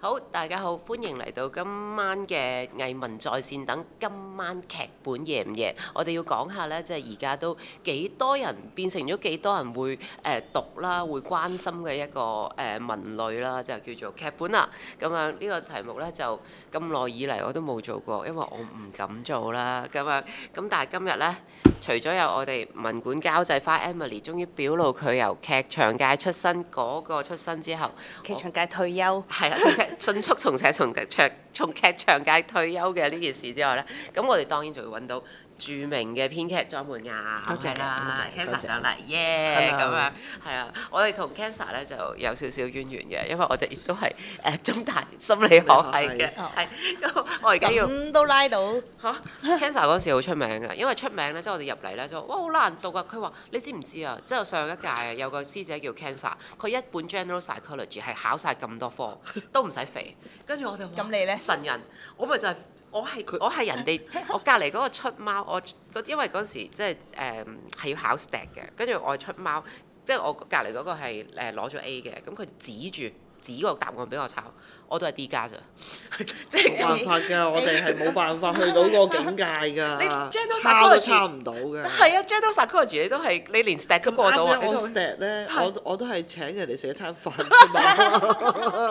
好，大家好，歡迎嚟到今晚嘅藝文在線等，今晚劇本夜唔夜？我哋要講下呢，即係而家都幾多人變成咗幾多人會誒讀啦，會關心嘅一個誒文類啦，就叫做劇本啦。咁啊呢個題目呢，就咁耐以嚟我都冇做過，因為我唔敢做啦。咁啊咁但係今日呢，除咗有我哋文館交際花 Emily 終於表露佢由劇場界出身嗰個出身之後，劇場界退休係啊。 迅速重寫，重 check。從劇場界退休嘅呢件事之外呢，咁我哋當然就要揾到著名嘅編劇莊梅岩，多謝啦，Cancer 上嚟，耶，咁樣，係啊，我哋同 Cancer 咧就有少少淵源嘅，因為我哋亦都係誒中大心理學系嘅，係，咁我而家要都拉到 Cancer 嗰時好出名嘅，因為出名呢，即係我哋入嚟咧就哇好難讀啊！」佢話你知唔知啊？即係上一屆有個師姐叫 Cancer 佢一本 General Psychology 係考晒咁多科，都唔使肥，跟住我就……咁你咧？神人，我咪就係、是，我係佢，我係人哋，我隔離嗰個出貓，我因為嗰時即係誒係要考 stack 嘅，跟住我係出貓，即係我隔離嗰個係攞咗 A 嘅，咁佢指住指個答案俾我抄。我都係 D 加咋，即係冇辦法㗎，我哋係冇辦法去到個境界㗎，差都差唔到㗎。係啊，Jadon Saconju，你都係你連 step 都過到啊！我 step 咧，我我都係請人哋食一餐飯，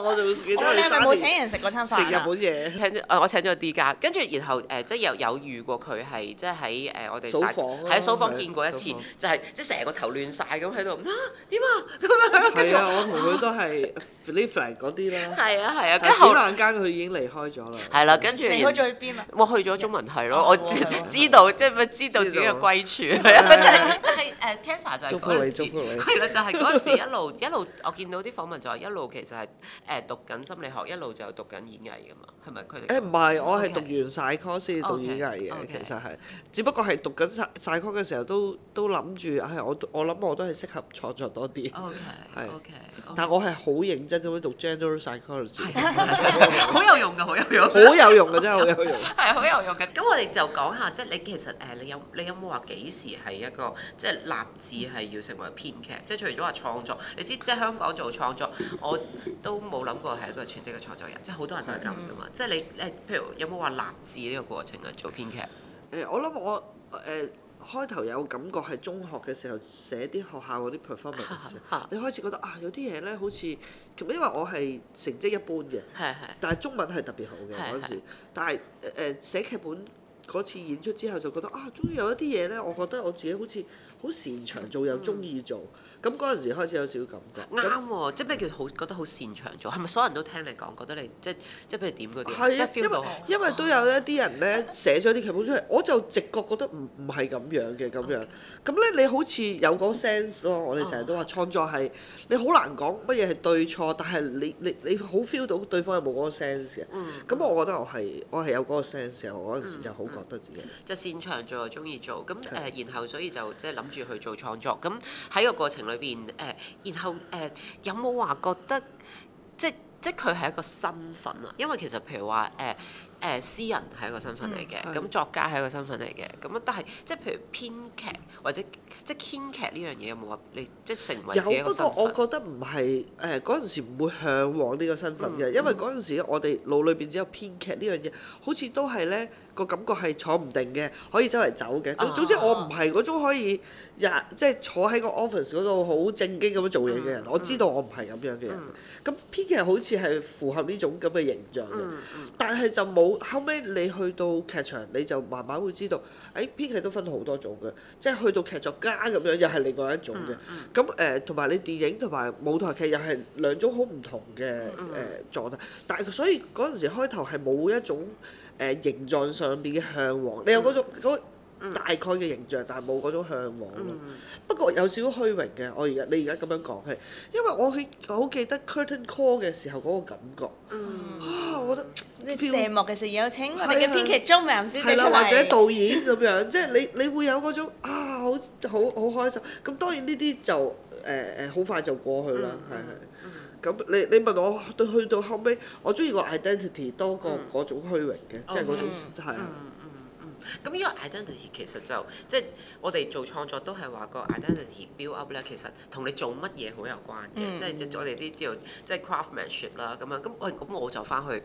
我仲記得你收。你係咪冇請人食嗰餐飯食日本嘢？我請咗 D 加，跟住然後誒，即係有有遇過佢係即係喺誒我哋掃房，喺掃房見過一次，就係即係成個頭亂晒。咁喺度，啊點啊，咁樣。係啊，我同佢都係 p h i l i p i 嗰啲啦。係啊，係。係啊，跟後兩間佢已經離開咗啦。係啦，跟住離開咗去邊啊？我去咗中文系咯，我知知道，即係咪知道自己嘅歸處？係啊，即係但係誒，Cancer 就係嗰陣時係啦，就係嗰陣時一路一路，我見到啲訪問就係一路其實係誒讀緊心理學，一路就讀緊演藝㗎嘛，係咪佢哋？誒唔係，我係讀完晒 course 先讀演藝嘅，其實係只不過係讀緊晒 course 嘅時候都都諗住係我我諗我都係適合創作多啲。OK，OK，但係我係好認真咁樣讀 general psychology。 好有用噶，好有用， 好有用噶，真係好有用，係好 有用嘅。咁 我哋就講下，即係你其實誒，你有你有冇話幾時係一個即係立志係要成為編劇？即係除咗話創作，你知即係香港做創作，我都冇諗過係一個全職嘅創作人。即係好多人都係咁噶嘛。即係的你誒，你譬如有冇話立志呢個過程啊？做編劇？誒、欸，我諗我誒。欸開頭有感覺係中學嘅時候寫啲學校嗰啲 performance，你開始覺得啊有啲嘢咧好似，因為我係成績一般嘅， 但係中文係特別好嘅嗰 時，但係誒、呃、寫劇本嗰次演出之後就覺得啊終於有一啲嘢呢，我覺得我自己好似好擅長做又中意做，咁嗰陣時開始有少少感覺。啱喎，即係咩叫好覺得好擅長做？係咪所有人都聽你講覺得你即係即係譬如點嗰啲？係啊，因為都有一啲人咧寫咗啲劇本出嚟，我就直覺覺得唔唔係咁樣嘅咁樣。咁咧你好似有個 sense 咯，我哋成日都話創作係你好難講乜嘢係對錯，但係你你你好 feel 到對方有冇嗰個 sense 嘅。咁我覺得我係我係有嗰個 sense 嘅，我嗰陣時就好覺得自己就擅長做又中意做，咁誒然後所以就即係諗。跟住去做創作，咁喺個過程裏邊，誒、呃，然後誒、呃，有冇話覺得，即即佢係一個身份啊？因為其實譬如話誒誒，詩、呃呃、人係一個身份嚟嘅，咁、嗯、作家係一個身份嚟嘅，咁但係即譬如編劇或者即編劇呢樣嘢有冇話你即成為有？不過我覺得唔係誒嗰陣時唔會嚮往呢個身份嘅，嗯嗯、因為嗰陣時我哋腦裏邊只有編劇呢樣嘢，好似都係咧。個感覺係坐唔定嘅，可以周圍走嘅。總之，我唔係嗰種可以日、oh. 即係坐喺個 office 嗰度好正經咁樣做嘢嘅人。Mm hmm. 我知道我唔係咁樣嘅人。咁編劇好似係符合呢種咁嘅形象嘅，mm hmm. 但係就冇後尾你去到劇場，你就慢慢會知道，誒、哎、編劇都分好多種嘅，即係去到劇作家咁樣又係另外一種嘅。咁誒同埋你電影同埋舞台劇又係兩種好唔同嘅誒狀態。呃 mm hmm. 但係所以嗰陣時開頭係冇一種誒、呃、形狀上邊嘅向往，你有嗰種、嗯、大概嘅形象，嗯、但係冇嗰種嚮往、嗯、不過有少少虛榮嘅，我而家你而家咁樣講係，因為我好好記得 curtain call 嘅時候嗰個感覺。嗯。啊，我覺得。謝幕嘅時候有請我哋嘅編劇組，唔少啦，或者導演咁樣， 即係你你會有嗰種啊，好好好，好開心。咁當然呢啲就誒誒，好、呃、快就過去啦。係係、嗯。嗯咁你你問我對去到後尾，我中意個 identity 多過嗰種虛榮嘅。嗯、即係嗰種係、嗯、啊。嗯嗯嗯。咁、嗯、呢、嗯、個 identity 其實就即、係、係。就係我哋做創作都係話個 identity build up 咧，其實同你做乜嘢好有關嘅、嗯，即係我哋啲叫即係 craftsmanship 啦咁樣。咁喂，咁我就翻去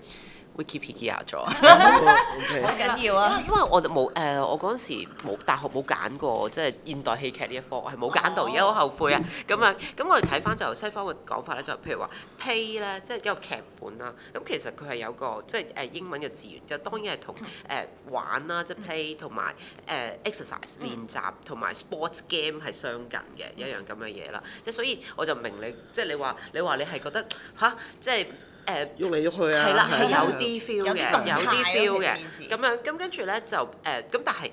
Wikipedia 咗了，好緊要啊！因為我冇誒、呃，我嗰陣時冇大學冇揀過，即係現代戲劇呢一科，我係冇揀到，而家好後悔啊！咁啊、嗯，咁、嗯、我哋睇翻就西方嘅講法咧，就譬如話 play 咧，即係一個劇本啦。咁其實佢係有個即係誒英文嘅字源，就當然係同誒玩啦，即係 play 同埋誒 exercise 練習。嗯同埋 sports game 係相近嘅一樣咁嘅嘢啦，即係所以我就明你，即係你話你話你係覺得吓，即係誒喐嚟喐去啊，係啦了，係有啲 feel 嘅，有啲有啲 feel 嘅，咁樣咁跟住咧就誒，咁但係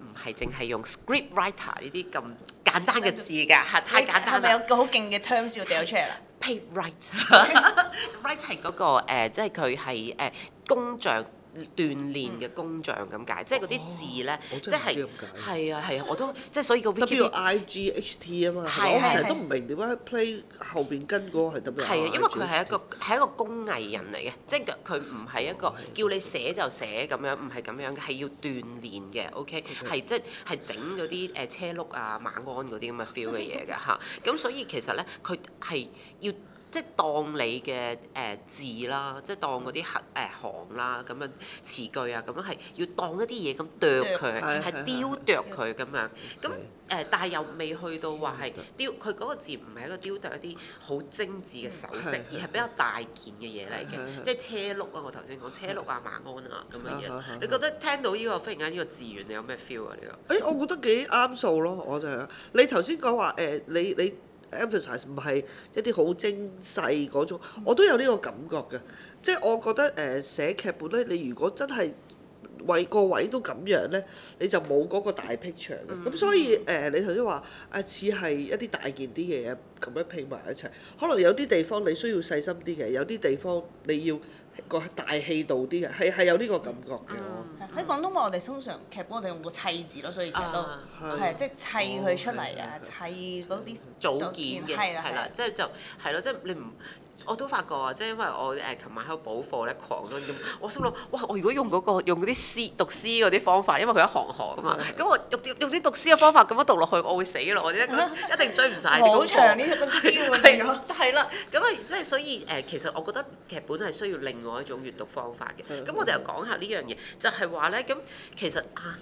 唔係淨係用 scriptwriter 呢啲咁簡單嘅字㗎嚇，你太簡單啦，係咪有個好勁嘅 terms 要掉咗出嚟啦？Paper write，write 係嗰個即係佢係誒工匠。鍛鍊嘅工匠咁解，即係嗰啲字咧，哦、即係是係啊係啊，我都即係所以個 W I G H T 啊嘛，我成日都唔明點解 Play 後邊跟嗰個係咁樣，係啊，因為佢係一個係 一個工藝人嚟嘅，即係佢唔係一個叫你寫就寫咁樣，唔係咁樣嘅，係要鍛鍊嘅。OK，係即係整嗰啲誒車轆啊馬鞍嗰啲咁嘅 feel 嘅嘢嘅吓，咁 所以其實咧，佢係要。即係當你嘅誒字啦，即係當嗰啲核誒行啦，咁樣詞句啊，咁樣係要當一啲嘢咁啄佢，係雕琢佢咁樣。咁誒，但係又未去到話係雕，佢嗰個字唔係一個雕琢一啲好精緻嘅首飾，而係比較大件嘅嘢嚟嘅，即係車轆啊，我頭先講車轆啊、馬鞍啊咁樣嘢。你覺得聽到呢個忽然間呢個字源，你有咩 feel 啊？呢個？誒，我覺得幾啱數咯，我就係。你頭先講話誒，你你。Emphasize 唔係一啲好精細嗰種，我都有呢個感覺嘅，即係我覺得誒、呃、寫劇本咧，你如果真係為個位都咁樣咧，你就冇嗰個大 picture 嘅，咁、嗯、所以誒、呃、你頭先話啊，似係一啲大件啲嘅嘢咁樣拼埋一齊，可能有啲地方你需要細心啲嘅，有啲地方你要。個大氣度啲嘅，係係有呢個感覺嘅喎。喺、嗯嗯、廣東話，我哋通常劇本我哋用個砌字咯，所以成日都係即係砌佢出嚟啊，就係、砌嗰啲組件嘅，係啦、哦，即係就係、係、咯，即係、就係、你唔。我都發覺啊，即係因為我誒琴晚喺度補課咧狂咁，我心諗哇，我如果用嗰個用嗰啲詩讀詩嗰啲方法，因為佢一行行啊嘛，咁我用啲用啲讀詩嘅方法咁樣讀落去，我會死咯，我一一定追唔晒，好長呢個詩。係咯，係啦，咁啊，即係所以誒，其實我覺得劇本係需要另外一種閱讀方法嘅。咁我哋又講下呢樣嘢，就係話咧，咁其實啊。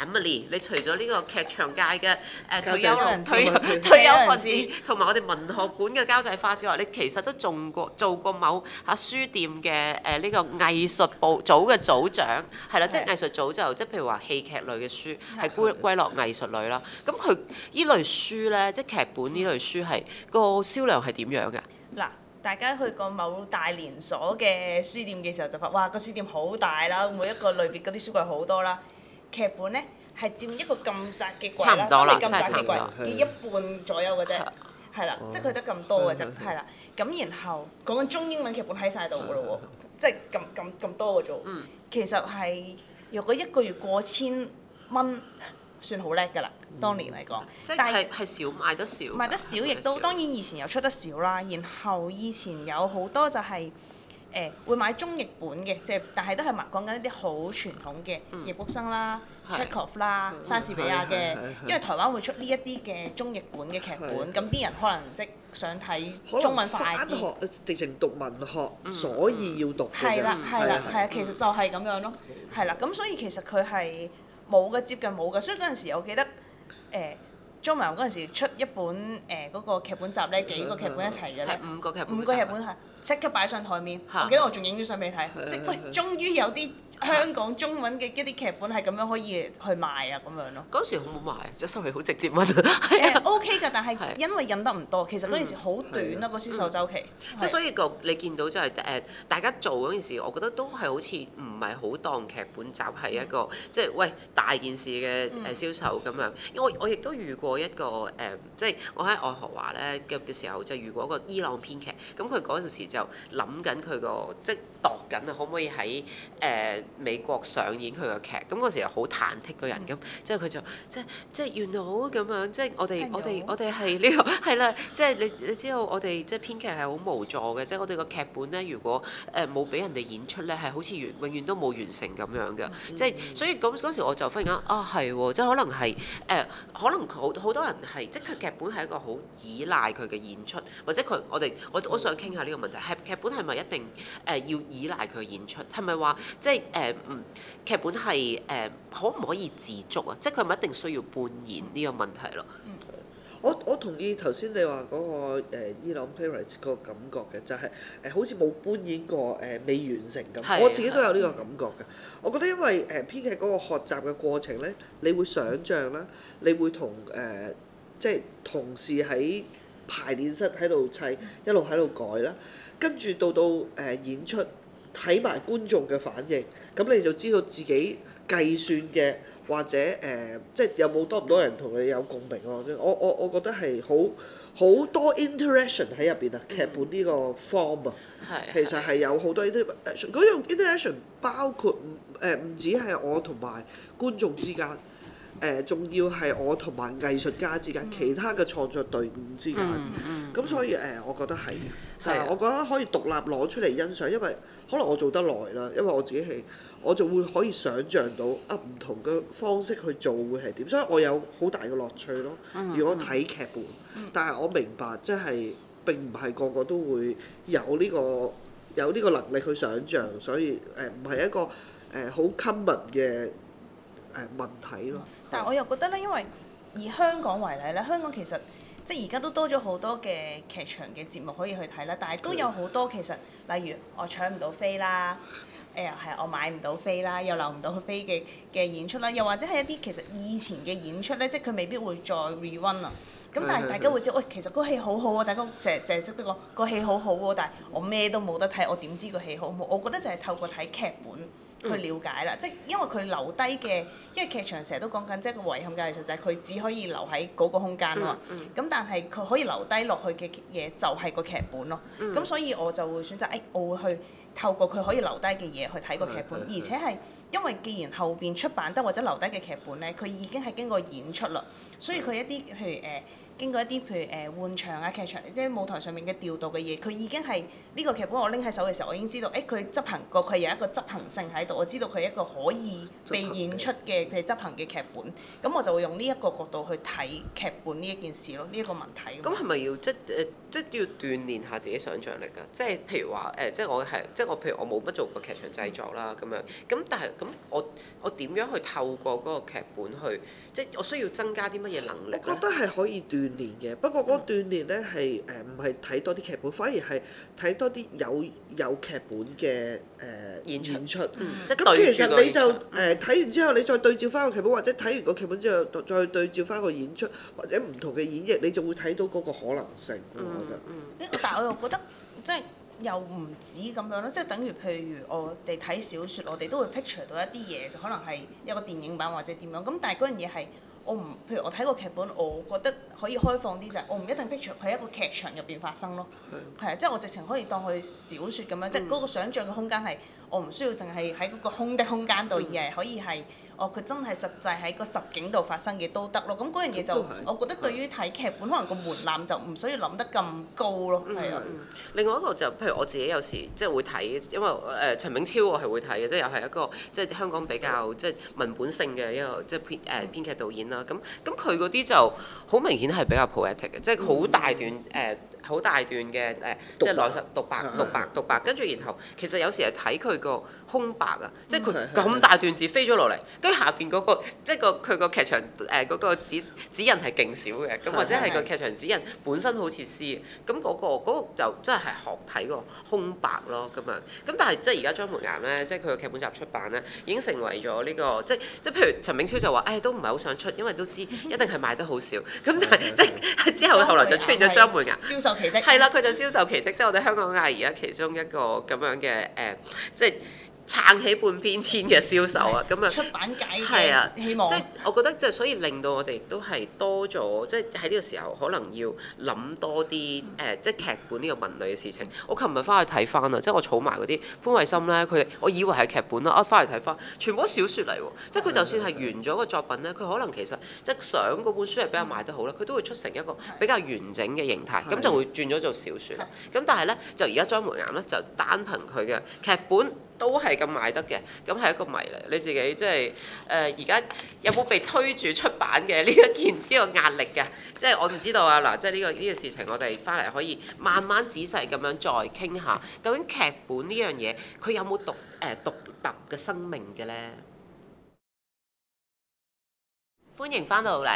Emily，你除咗呢個劇場界嘅誒退休老退退休同埋我哋文學館嘅交際花之外，你其實都仲過做過某嚇、啊、書店嘅誒呢個藝術部組嘅組長，係啦，的即係藝術組就即係譬如話戲劇類嘅書，係歸歸落藝術類啦。咁佢依類書咧，即係劇本呢類書係、嗯、個銷量係點樣㗎？嗱，大家去過某大連鎖嘅書店嘅時候就發，哇，那個書店好大啦，每一個類別嗰啲書櫃好多啦。劇本咧係佔一個咁窄嘅櫃啦，都係咁窄嘅櫃，佔一半左右嘅啫，係啦，即係佢得咁多嘅啫，係啦。咁然後講緊中英文劇本喺晒度嘅咯喎，即係咁咁咁多嘅啫。其實係若果一個月過千蚊算好叻㗎啦，當年嚟講。即係但係係少賣得少，賣得少亦都當然以前又出得少啦。然後以前有好多就係。誒會買中譯本嘅，即係但係都係話講緊一啲好傳統嘅，易卜生啦、Checkoff 啦、莎士比亞嘅，因為台灣會出呢一啲嘅中譯本嘅劇本，咁啲人可能即想睇中文快啲。可能返學直情讀文學，所以要讀嘅啫。係啦，係啦，係啊，其實就係咁樣咯。係啦，咁所以其實佢係冇嘅接近冇嘅，所以嗰陣時我記得誒。j 裝埋嗰陣時出一本誒嗰個劇本集咧，幾個劇本一齊嘅咧，係五個劇本，五個劇本係即刻擺上台面。我記得我仲影咗相俾你睇，即係終於有啲香港中文嘅一啲劇本係咁樣可以去賣啊咁樣咯。嗰時好唔好賣？即係收尾好直接問？OK 㗎，但係因為印得唔多，其實嗰陣時好短啦個銷售周期。即係所以個你見到即係誒大家做嗰件事，我覺得都係好似唔係好當劇本集係一個即係喂大件事嘅誒銷售咁樣。因為我我亦都遇過。我一個誒、嗯，即係我喺愛荷華咧嘅嘅時候，就遇過一個伊朗編劇，咁佢嗰陣時就諗緊佢個即係度緊啊，可唔可以喺誒、呃、美國上演佢個劇？咁嗰時好忐忑個人咁、嗯，即係佢就即係即係原來好咁樣，即係我哋我哋我哋係呢個係啦，即係你了、這個、你知道我哋即係編劇係好無助嘅，即係我哋個劇本咧，如果誒冇俾人哋演出咧，係好似完永遠都冇完成咁樣嘅，即係、嗯就是、所以咁嗰時我就忽然間啊係喎，即係可能係誒可能好。呃好多人係即佢劇本係一個好依賴佢嘅演出，或者佢我哋我我想傾下呢個問題，係劇本係咪一定誒要依賴佢嘅演出？係咪話即係誒嗯劇本係誒、呃、可唔可以自足啊？即係佢係咪一定需要扮演呢個問題咯？嗯我我同意頭先你話嗰個誒伊朗 playwright 嗰個感覺嘅，就係誒好似冇搬演過誒未完成咁，我自己都有呢個感覺嘅。我覺得因為誒編劇嗰個學習嘅過程咧，你會想像啦，你會同誒即係同事喺排練室喺度砌，一路喺度改啦，跟住到到誒演出，睇埋觀眾嘅反應，咁你就知道自己計算嘅或者誒、呃，即係有冇多唔多人同你有共鳴咯？我我我覺得係好好多 interaction 喺入邊啊！嗯、劇本呢個 form 啊、嗯，其實係有好多 interaction。嗰種 interaction 包括誒唔、呃、唔止係我同埋觀眾之間。誒仲、呃、要係我同埋藝術家之間，嗯、其他嘅創作隊伍之間，咁、嗯嗯、所以誒、呃，我覺得係，係，我覺得可以獨立攞出嚟欣賞，因為可能我做得耐啦，因為我自己係，我就會可以想像到啊唔、呃、同嘅方式去做會係點，所以我有好大嘅樂趣咯。如果睇劇本，嗯嗯、但係我明白即係並唔係個個都會有呢、這個有呢個能力去想像，所以誒唔係一個誒好 common 嘅。呃誒問題咯、嗯，但係我又覺得咧，因為以香港為例咧，香港其實即係而家都多咗好多嘅劇場嘅節目可以去睇啦，但係都有好多其實，例如我搶唔到飛啦，誒、哎、係我買唔到飛啦，又留唔到飛嘅嘅演出啦，又或者係一啲其實以前嘅演出咧，即係佢未必會再 re-run 啊。咁但係大家會知，喂是、哎，其實個戲好好喎，大家成日淨係識得講個戲好好喎，但係我咩都冇得睇，我點知個戲好唔好？我覺得就係透過睇劇本。去了解啦，即係因為佢留低嘅，因為劇場成日都講緊，即係個遺憾嘅藝術就係佢只可以留喺嗰個空間喎。咁、嗯嗯、但係佢可以留低落去嘅嘢就係個劇本咯。咁、嗯、所以我就會選擇，誒、哎，我會去透過佢可以留低嘅嘢去睇個劇本，嗯嗯嗯、而且係因為既然後邊出版得或者留低嘅劇本咧，佢已經係經過演出啦，所以佢一啲譬如誒，呃經過一啲譬如誒換場啊，劇場即係舞台上面嘅調度嘅嘢，佢已經係呢個劇本我拎喺手嘅時候，我已經知道，誒佢執行過，佢有一個執行性喺度，我知道佢一個可以被演出嘅佢執行嘅劇本，咁我就會用呢一個角度去睇劇本呢一件事咯，呢一個問題。咁係咪要即係誒即係要鍛鍊下自己想像力啊？即係譬如話誒，即係我係即係我譬如我冇乜做過劇場製作啦咁樣，咁但係咁我我點樣去透過嗰個劇本去即係我需要增加啲乜嘢能力？我覺得係可以鍛。練嘅，嗯呃，不過嗰個鍛鍊咧係誒唔係睇多啲劇本，反而係睇多啲有有劇本嘅誒演演出。咁其實你就誒睇，呃、完之後，你再對照翻個劇本，或者睇完個劇本之後，再對照翻個演出或者唔同嘅演繹，你就會睇到嗰個可能性。嗯，我覺得。誒，嗯，但係我又覺得即係 又唔止咁樣啦，即、就、係、是、等於譬如我哋睇小說，我哋都會 picture 到一啲嘢，就可能係一個電影版或者點樣。咁但係嗰樣嘢係。我唔，譬如我睇個劇本，我覺得可以開放啲就係我唔一定 picture 喺一個劇場入邊發生咯，係啊的，即係我直情可以當佢小説咁樣，即係嗰個想象嘅空間，係我唔需要淨係喺嗰個空的空間度，而係的可以係。佢、哦、真係實際喺個實景度發生嘅都得咯，咁、嗯、嗰樣嘢就、嗯、我覺得對於睇劇本，嗯、可能個門檻就唔需要諗得咁高咯，係啊。另外一個就譬如我自己有時即係會睇，因為誒、呃、陳炳超我係會睇嘅，即係又係一個即係香港比較、嗯、即係文本性嘅一個即係編誒、呃、編劇導演啦。咁咁佢嗰啲就好明顯係比較 poetic 嘅，即係好大段誒、呃嗯好大段嘅誒，即係內實獨白獨白獨白，跟住然後其實有時係睇佢個空白啊是的、那個，即係佢咁大段字飛咗落嚟，跟住下邊嗰個即係個佢個劇場誒嗰、呃那個指指引係勁少嘅，咁或者係個劇場指引本身好似詩，咁、那、嗰個嗰、那個那個就真係係學睇個空白咯，咁啊，咁但係即係而家莊梅岩咧，即係佢個劇本集出版咧，已經成為咗呢、這個即係即係譬如陳炳超就話，誒、哎、都唔係好想出，因為都知一定係賣得好少，咁但係即係之後後來就出現咗莊梅岩係啦，佢其就銷售奇蹟，即係 我哋香港藝而家其中一個咁樣嘅誒、呃，即係。撐起半邊天嘅銷售啊，咁啊，出版界嘅希望，即係我覺得即係所以令到我哋都係多咗，即係喺呢個時候可能要諗多啲誒、呃，即係劇本呢個文類嘅事情。我琴日翻去睇翻啊，即係我儲埋嗰啲潘維心咧，佢哋我以為係劇本啦。啊翻嚟睇翻，全部都小説嚟喎。即係佢就算係完咗個作品咧，佢 可能其實即係想嗰本書係比較賣得好咧，佢都會出成一個比較完整嘅形態，咁 就會轉咗做小説。咁 但係咧，就而家莊梅岩咧就單憑佢嘅劇本，都係咁賣得嘅，咁係一個謎嚟。你自己即係誒，而、呃、家有冇被推住出版嘅呢一件呢 個壓力嘅？即係我唔知道啊！嗱，即係呢個呢、這個事情，我哋翻嚟可以慢慢仔細咁樣再傾下，究竟劇本呢樣嘢，佢有冇獨誒獨特嘅生命嘅咧？歡迎翻到嚟。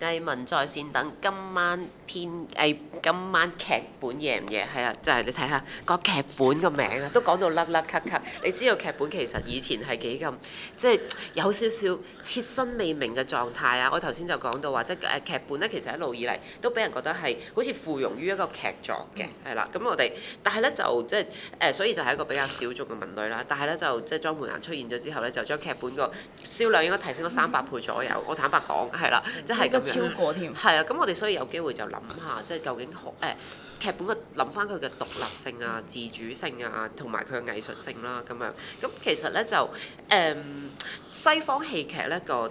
藝文在線等，今晚編誒、哎、今晚劇本夜唔夜？係啊，就係、是、你睇下 個劇本個名啊，都講到甩甩咳咳。你知道劇本其實以前係幾咁，即、就、係、是、有少少切身未明嘅狀態啊。我頭先就講到話，即係誒劇本咧，其實一路以嚟都俾人覺得係好似附庸於一個劇作嘅，係啦。咁我哋但係咧就即係誒，所以就係一個比較小眾嘅文類啦。但係咧就即係、就是、莊梅岩出現咗之後咧，就將劇本個銷量應該提升咗三百倍左右。我坦白講係啦，即係咁。 嗯、超過添。係啊，咁我哋所以有機會就諗下，即、就、係、是、究竟學誒、欸、劇本嘅諗翻佢嘅獨立性啊、自主性啊，同埋佢嘅藝術性啦、啊。咁樣咁、嗯、其實咧就誒、嗯、西方戲劇咧個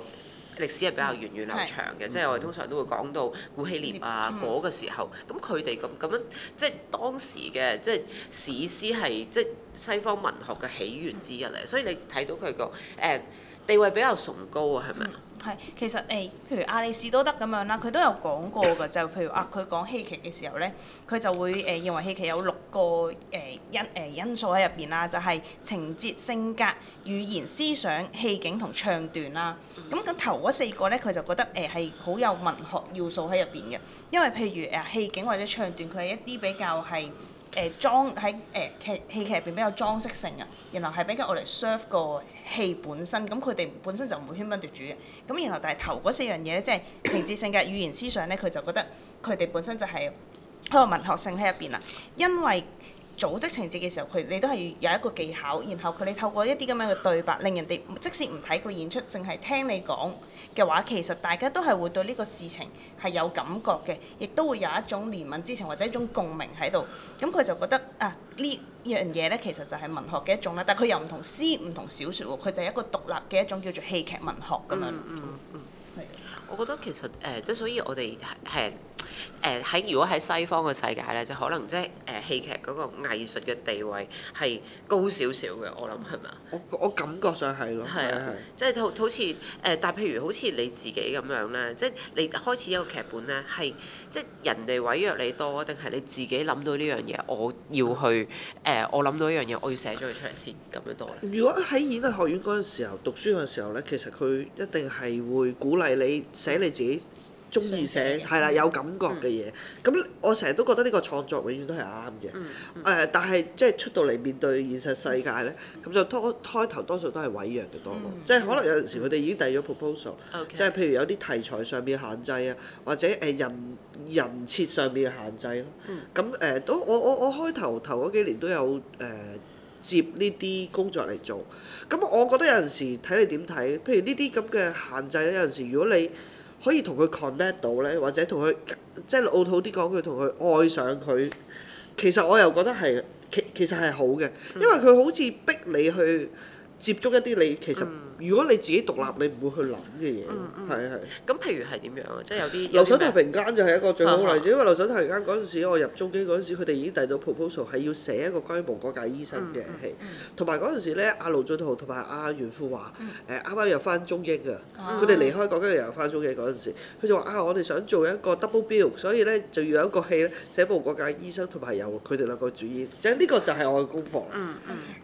歷史係比較源遠，遠流長嘅，即係、嗯、我哋通常都會講到古希臘啊嗰、嗯、個時候，咁佢哋咁咁樣即係、就是、當時嘅即係史詩係即係西方文學嘅起源之一嚟。所以你睇到佢個誒地位比較崇高啊，係咪啊？嗯係，其實誒、欸，譬如亞里士多德咁樣啦，佢都有講過㗎，就譬如啊，佢講戲劇嘅時候咧，佢就會誒、呃、認為戲劇有六個誒、呃、因誒、呃、因素喺入邊啦，就係、是、情節、性格、語言、思想、戲景同唱段啦。咁、啊、咁頭嗰四個咧，佢就覺得誒係好有文學要素喺入邊嘅，因為譬如誒、呃、戲景或者唱段，佢係一啲比較係。誒、呃、裝喺誒劇戲劇入邊比較裝飾性嘅，然後係比較我哋 serve 個戲本身，咁佢哋本身就唔會喧賓奪主嘅。咁然後但係頭嗰四樣嘢咧，即、就、係、是、情節性嘅語言思想咧，佢就覺得佢哋本身就係有個文學性喺入邊啦，因為。組織情節嘅時候，佢你都係有一個技巧，然後佢你透過一啲咁樣嘅對白，令人哋即使唔睇佢演出，淨係聽你講嘅話，其實大家都係會對呢個事情係有感覺嘅，亦都會有一種憐憫之情或者一種共鳴喺度。咁、嗯、佢就覺得啊，呢樣嘢呢，其實就係文學嘅一種啦，但佢又唔同詩，唔同小説喎，佢就係一個獨立嘅一種叫做戲劇文學咁樣、嗯。嗯嗯嗯，係。我覺得其實誒，即、呃、係所以我哋係。誒喺如果喺西方嘅世界咧，就可能即係誒戲劇嗰個藝術嘅地位係高少少嘅，我諗係咪啊？我我感覺上係咯，係啊係，即係好好似誒，但譬如好似你自己咁樣咧，即係你開始一個劇本咧，係即係人哋委約你多，定係你自己諗到呢樣嘢？我要去誒、呃，我諗到一樣嘢，我要寫咗佢出嚟先咁樣多。如果喺演藝學院嗰陣時候讀書嘅時候咧，其實佢一定係會鼓勵你寫你自己。中意寫係啦，有感覺嘅嘢。咁、嗯、我成日都覺得呢個創作永遠都係啱嘅。誒、嗯嗯呃，但係即係出到嚟面對現實世界咧，咁、嗯、就多開頭多數都係委約嘅多。即係、嗯嗯、可能有陣時佢哋已經遞咗 proposal，即係譬如有啲題材上面嘅限制啊，或者誒人人設上面嘅限制咯。咁誒、嗯呃、都我我我開頭頭嗰幾年都有誒、呃、接呢啲工作嚟做。咁我覺得有陣時睇你點睇。譬如呢啲咁嘅限制有陣時如果你，如果你可以同佢 connect 到咧，或者同佢即係老土啲講句，同佢愛上佢。其實我又覺得係，其其實係好嘅，嗯、因為佢好似逼你去接觸一啲你其實。嗯如果你自己獨立，你唔會去諗嘅嘢，係啊係。咁譬如係點樣啊？即係有啲。留守太平間就係一個最好嘅例子，因為留守太平間嗰陣時，我入中英嗰陣時，佢哋已經遞到 proposal 係要寫一個關於無國界醫生嘅戲，同埋嗰陣時咧，阿盧俊豪同埋阿袁富華誒啱啱又翻中英啊，佢哋離開港英又翻中英嗰陣時，佢就話啊，我哋想做一個 double bill，所以咧就要有一個戲咧寫無國界醫生，同埋有佢哋兩個主演，即係呢個就係我嘅功課。嗯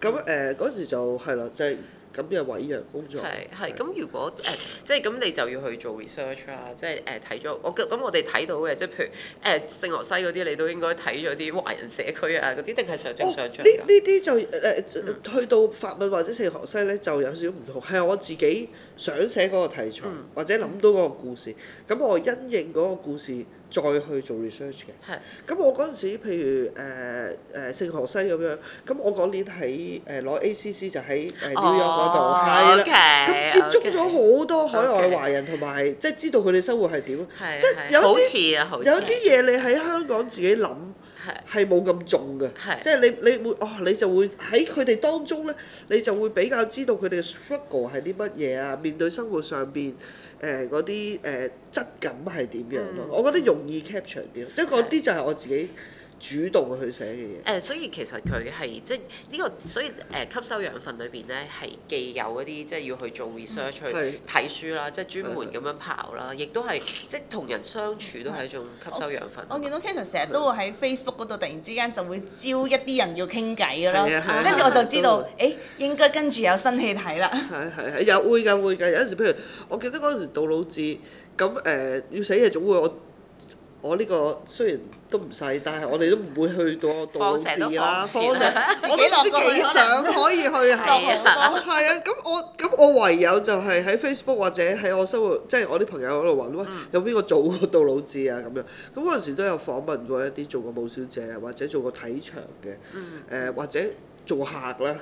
咁誒嗰陣時就係咯，就係。咁又委約工作係係咁，如果誒、呃，即係咁，你就要去做 research 啦、啊。即係誒睇咗我咁，我哋睇到嘅，即係譬如誒聖荷西嗰啲，你都應該睇咗啲華人社區啊嗰啲，定係上正上出嚟？哦，呢呢啲就誒，呃嗯、去到法文或者聖荷西咧就有少少唔同，係我自己想寫嗰個題材，嗯、或者諗到嗰個故事，咁、嗯嗯嗯、我因應嗰個故事。再去做 research 嘅，咁是我嗰陣時，譬如誒誒、呃呃、聖荷西咁樣，咁我嗰年喺誒攞、呃、ACC 就喺 New York 紐約嗰度，係啦，咁接觸咗好多海外華人同埋 Okay.，即係知道佢哋生活係點，是即係有啲、啊啊、有啲嘢你喺香港自己諗。係冇咁重嘅。的即係你你會哦，你就會喺佢哋當中呢，你就會比較知道佢哋嘅 struggle 係啲乜嘢啊，面對生活上面誒嗰啲誒質感係點樣咯。嗯、我覺得容易 capture 啲，即係嗰啲就係我自己。主動去寫嘅嘢。誒，uh, 所以其實佢係即係、這、呢個，所以誒、呃、吸收養分裏邊咧，係既有一啲即係要去做 research 去睇書啦，即係專門咁樣刨啦，亦都係即係同人相處都係一種吸收養分。 我見到 Cancer 成日都會喺 Facebook 嗰度，突然之間就會招一啲人要傾偈㗎啦，跟住、 啊啊啊、我就知道，誒、 欸、應該跟住有新戲睇啦。係係係有會㗎會㗎，有陣時譬如我記得嗰陣時讀老子咁誒，要寫嘢總會我。我呢個雖然都唔細，但係我哋都唔會去到導老字啦。我都唔知幾多 smiling 想可以去下。係啊 可能，係 啊，咁 我咁我唯有就係喺 Facebook 或者喺我生活，即係我啲朋友嗰度話，喂有邊個做過導老字啊？咁樣咁嗰陣時都有訪問過一啲做過舞小姐啊，或者做過睇場嘅，誒、嗯呃、或者做客啦，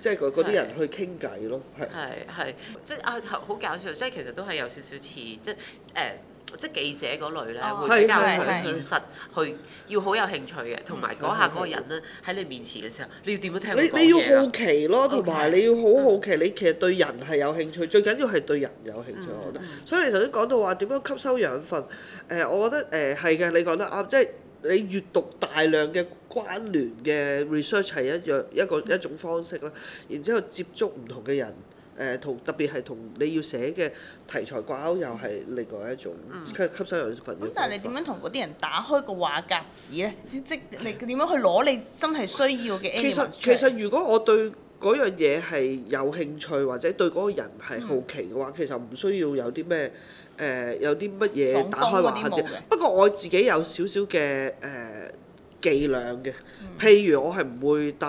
即係嗰啲人去傾偈咯。係係即係啊，好搞笑！即係其實都係有少少似即係誒。嗯即係記者嗰類咧，哦、會比較現實，去要好有興趣嘅，同埋講下嗰個人咧喺、嗯、你面前嘅時候，你要點樣聽佢講嘢啦？你你要好奇咯，同埋 Okay. 你要好好奇，你其實對人係有興趣，嗯、最緊要係對人有興趣，嗯、我覺得。嗯、所以你頭先講到話點樣吸收養分，誒、呃，我覺得誒係嘅，你講得啱，即、就、係、是、你閱讀大量嘅關聯嘅 research 係一樣、嗯、一個一種方式啦。然之後接觸唔同嘅人。誒同、嗯、特別係同你要寫嘅題材掛鈎，又係另外一種吸吸收有啲朋友。咁、嗯、但係你點樣同嗰啲人打開個話匣子咧？嗯、即你點樣去攞你真係需要嘅？其實其實如果我對嗰樣嘢係有興趣，或者對嗰個人係好奇嘅話，嗯、其實唔需要有啲咩誒有啲乜嘢打開話匣子。不過我自己有少少嘅誒、呃、伎倆嘅，嗯、譬如我係唔會帶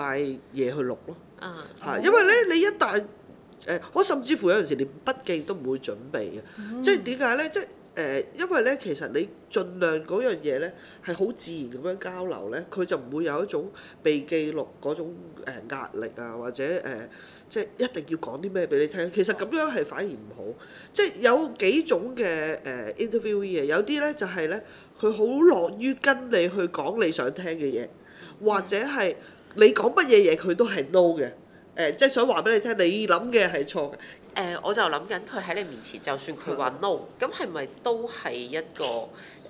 嘢去錄咯，嚇、嗯，嗯、因為咧你一旦……誒、呃，我甚至乎有陣時連筆記都唔會準備嘅，mm hmm. 即係點解咧？即係誒，因為咧，其實你盡量嗰樣嘢咧係好自然咁樣交流咧，佢就唔會有一種被記錄嗰種誒、呃、壓力啊，或者誒、呃，即係一定要講啲咩俾你聽。其實咁樣係反而唔好。即係有幾種嘅誒、呃、interviewee，有啲咧就係、是、咧，佢好樂於跟你去講你想聽嘅嘢，mm hmm. 或者係你講乜嘢嘢佢都係 no 嘅。誒，即係想話俾你聽，你諗嘅係錯嘅。誒，我就諗緊佢喺你面前，就算佢話 no，咁係咪都係一個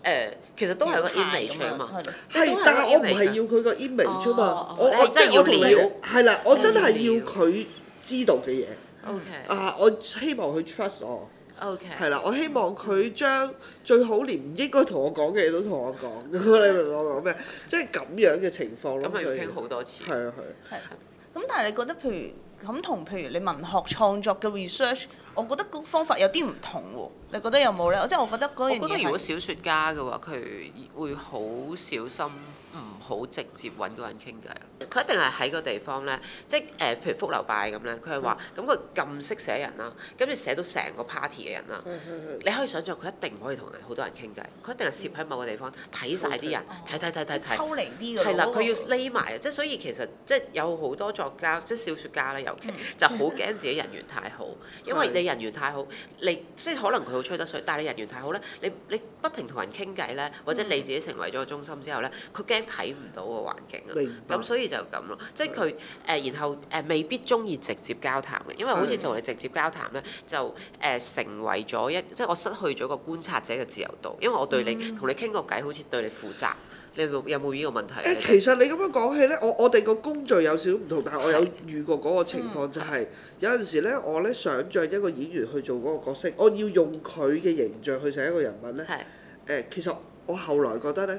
誒？其實都係個 image 啊嘛。係，但係我唔係要佢個 image 啊嘛。我我即係我同你係啦，我真係要佢知道嘅嘢。OK 啊，我希望佢 trust 我。OK 係啦，我希望佢將最好連唔應該同我講嘅嘢都同我講。你明我講咩？即係咁樣嘅情況咯。咁係要傾好多次。係啊！係。係。咁但係，你覺得，譬如咁同譬如你文學創作嘅 research？我覺得個方法有啲唔同喎，你覺得有冇咧？我即係我覺得嗰個。我覺得如果小説家嘅話，佢會好小心，唔好直接揾嗰人傾偈。佢一定係喺個地方咧，即係誒，譬如福樓拜咁樣，佢係話，咁佢咁識寫人啦，咁就寫到成個 party 嘅人啦。你可以想像佢一定唔可以同好多人傾偈，佢一定係攝喺某個地方睇晒啲人，睇睇睇睇。即係抽離啲嘅。係啦，佢要匿埋嘅，即係所以其實即係有好多作家，即係小説家啦，尤其就好驚自己人緣太好，因為你你人緣太好，你即係可能佢會吹得水，但係你人緣太好咧，你你不停同人傾偈咧，或者你自己成為咗個中心之後咧，佢驚睇唔到個環境，咁白所以就咁咯。即係佢誒，然後誒、呃，未必中意直接交談嘅，因為好似就同你直接交談咧，嗯、就誒、呃、成為咗一，即係我失去咗個觀察者嘅自由度，因為我對你同、嗯、你傾個偈，好似對你負責。你有冇呢個問題？其實你咁樣講起呢，我我哋個工序有少少唔同，但係我有遇過嗰個情況，就係，就係的有陣時呢，我呢想像一個演員去做嗰個角色，我要用佢嘅形象去寫一個人物呢的、呃、其實我後來覺得呢。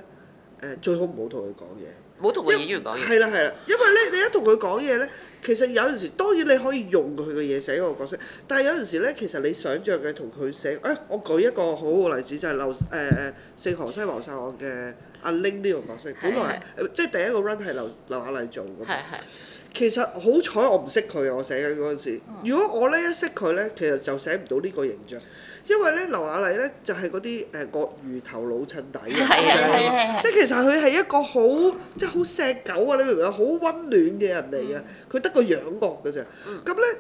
誒，最好唔好同佢講嘢，唔好同佢演員講嘢。係啦係啦，因為咧你，你一同佢講嘢咧，其實有陣時當然你可以用佢嘅嘢寫個角色，但係有陣時咧其實你想像嘅同佢寫。誒、哎，我舉一個好好例子就係劉誒《聖荷西謀殺案》嘅阿 Ling 呢個角色，的本來的即係第一個 run 係劉劉雅麗做。係係。的其實好彩我唔識佢啊！我寫緊嗰陣時，如果我呢一識佢呢，其實就寫唔到呢個形象，因為呢劉雅麗呢，就係嗰啲誒鱷魚頭老襯底嘅，即係其實佢係一個好即係好錫狗啊！你明唔明啊？好溫暖嘅人嚟嘅，佢得、嗯、個樣惡嘅啫，咁呢。嗯